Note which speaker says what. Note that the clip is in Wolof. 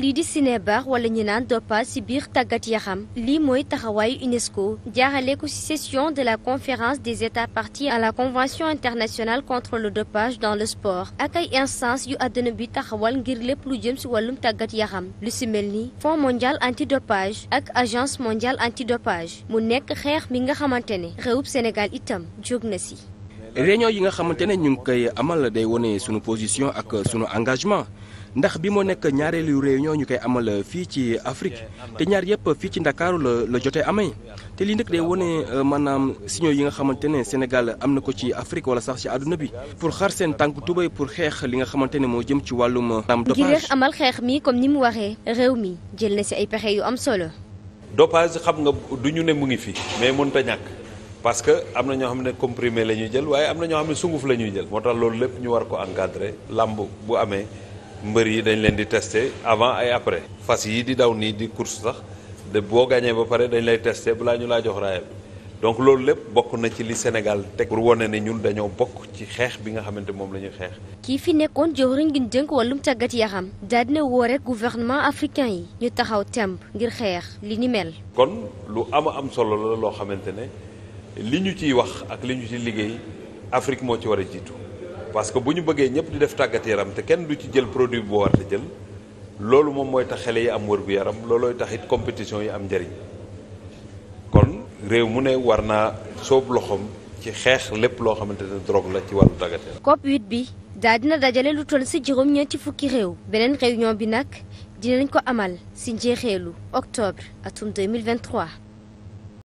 Speaker 1: lii di sinébar wala ñu naan doppa ci biir tàggat yaram lii mooy taxawaayu UNESCO jaarale ko ci session de la conférence des états parties à la convention internationale contre le dopage dans le sport ak ay instance yu àdduna bi taxawal ngir lépp lu jëm ci wàllum tàggat yaram lu ci mel ni fonds mondial antidopage ak agence mondiale antidopage mu nekk xeex mi nga xamante ne réewub Sénégal itam jóg na ci
Speaker 2: réunion yi nga xamante ne ñu ngi koy amal day wone sunu position ak sunu engagement ndax bi moo nekk ñaareelu réunion ñu koy amal fii ci Afrique te ñaar yëpp fii ci Ndakaaru la la jotee amee te lii nag day wone euh, maanaam signaux yi nga xamante ne Sénégal am na ko ci Afrique wala sax ci àdduna bi pour xar seen tànk tubay pour xeex li nga xamante ne moo jëm ci wàllum naam euh, dopage
Speaker 1: amal xeex mii comme ni mu waxee réew mi jël na si ay pexe yu am solo.
Speaker 3: dopage xam nga du ñu ne mu ngi fi mais mënut a parce que am na ñoo xam ne comprimé la ñuy jël waaye am na ñoo xam ne sunguf la ñuy jël moo tax loolu lépp ñu war ko encadrer làmb bu amee mbër yi dañ leen di tester avant ay après fas yi di daw nii di course sax de boo gañee ba pare dañ lay tester balaa ñu laa jox raaya bi donc loolu lépp bokk na ci li Sénégal teg pour wane ne ñun dañoo bokk ci xeex bi nga xamante moom la ñuy xeex.
Speaker 1: kii fi nekkoon jëwriñ gi jënk wàllum tàggat yaram. daal dina woore gouvernement africain yi. ñu taxaw temb ngir xeex li ni mel.
Speaker 3: kon lu ama am solo la loo xamante ne. li ñu ciy wax ak li ñu ci liggéey Afrique moo ci war a jiitu parce que bu ñu bëggee ñëpp di def tàggat yaram te kenn du ci jël produit bu war te jël loolu moom mooy tax xele yi am wër gu yaram loolooy tax it compétition yi am njariñ kon réew mu ne war naa soob loxoom ci xeex lépp loo xamante ne drogue la ci wàllu tàggat yaram.
Speaker 1: COP 8 bi daa dina dajale lu toll ci juróom-ñeenti fukki réew beneen réunion bi nag dinañ ko amal si njeexeelu octobre atum 2023.